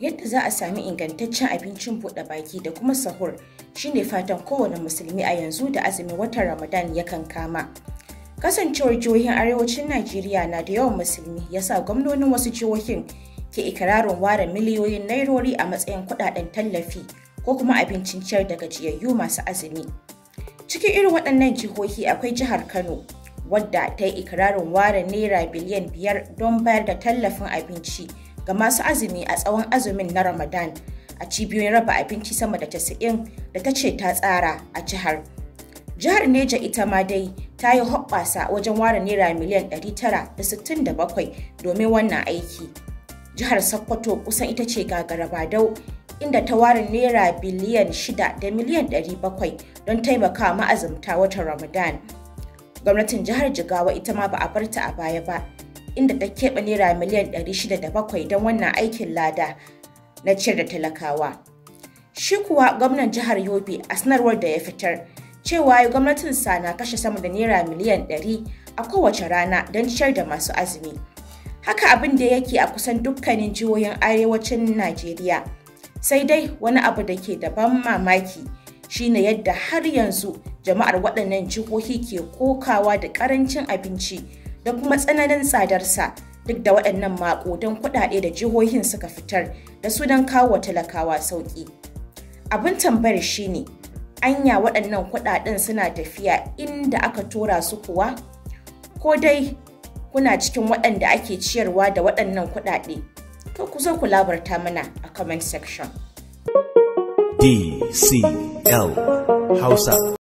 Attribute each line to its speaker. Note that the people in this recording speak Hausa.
Speaker 1: Yadda za a sami ingantaccen abincin buɗe baki da kuma sahur shine fatan kowane musulmi a yanzu da azumin watan Ramadan yakan kama. Kasancewar jihohin arewacin Najeriya na da yawan musulmi yasa gwamnonin wasu jihohin ke ikirarin ware miliyoyin nairori a matsayin kudaden tallafi ko kuma abincin ciyar da gajiyayyu masu azumi. Cikin irin waɗannan jihohi akwai jihar Kano, wadda ta yi ikirarin ware naira biliyan biyar don bayar da tallafin abinci ga masu azumi a tsawon azumin na Ramadan a cibiyoyin raba abinci sama da 90 da ta ce ta tsara a jihar. Jihar Neja ita ma dai ta yi hoɓɓasa wajen ware naira miliyan 967 domin wannan aiki. Jihar Sokoto kusan ita ce gagarabadau inda ta ware naira biliyan 6 da miliyan 700 don taimaka ma'azumta watan Ramadan. Gwamnatin jihar Jigawa ita ma ba a barta a baya ba. inda ta keɓe naira miliyan 607 don wannan aikin lada na ciyar da talakawa. Shi kuwa gwamnan jihar Yobe a sanarwar da ya fitar cewa gwamnatin sa na kashe sama da naira miliyan 100 a kowace rana don ciyar da masu azumi. Haka abin da yake a kusan dukkanin jihohin arewacin Najeriya. Sai dai wani abu da ke da ban mamaki shine yadda har yanzu jama'ar waɗannan jihohi ke kokawa da ƙarancin abinci. da kuma tsananin tsadarsa duk da waɗannan maƙudan kuɗaɗe da jihohin suka fitar da su don kawo wa talakawa sauƙi. Abin tambayar shine anya waɗannan kuɗaɗen suna tafiya inda aka tora su kuwa? Ko dai kuna cikin waɗanda ake ciyarwa da waɗannan kuɗaɗe? To ku zo ku labarta mana a comment section. DCL Hausa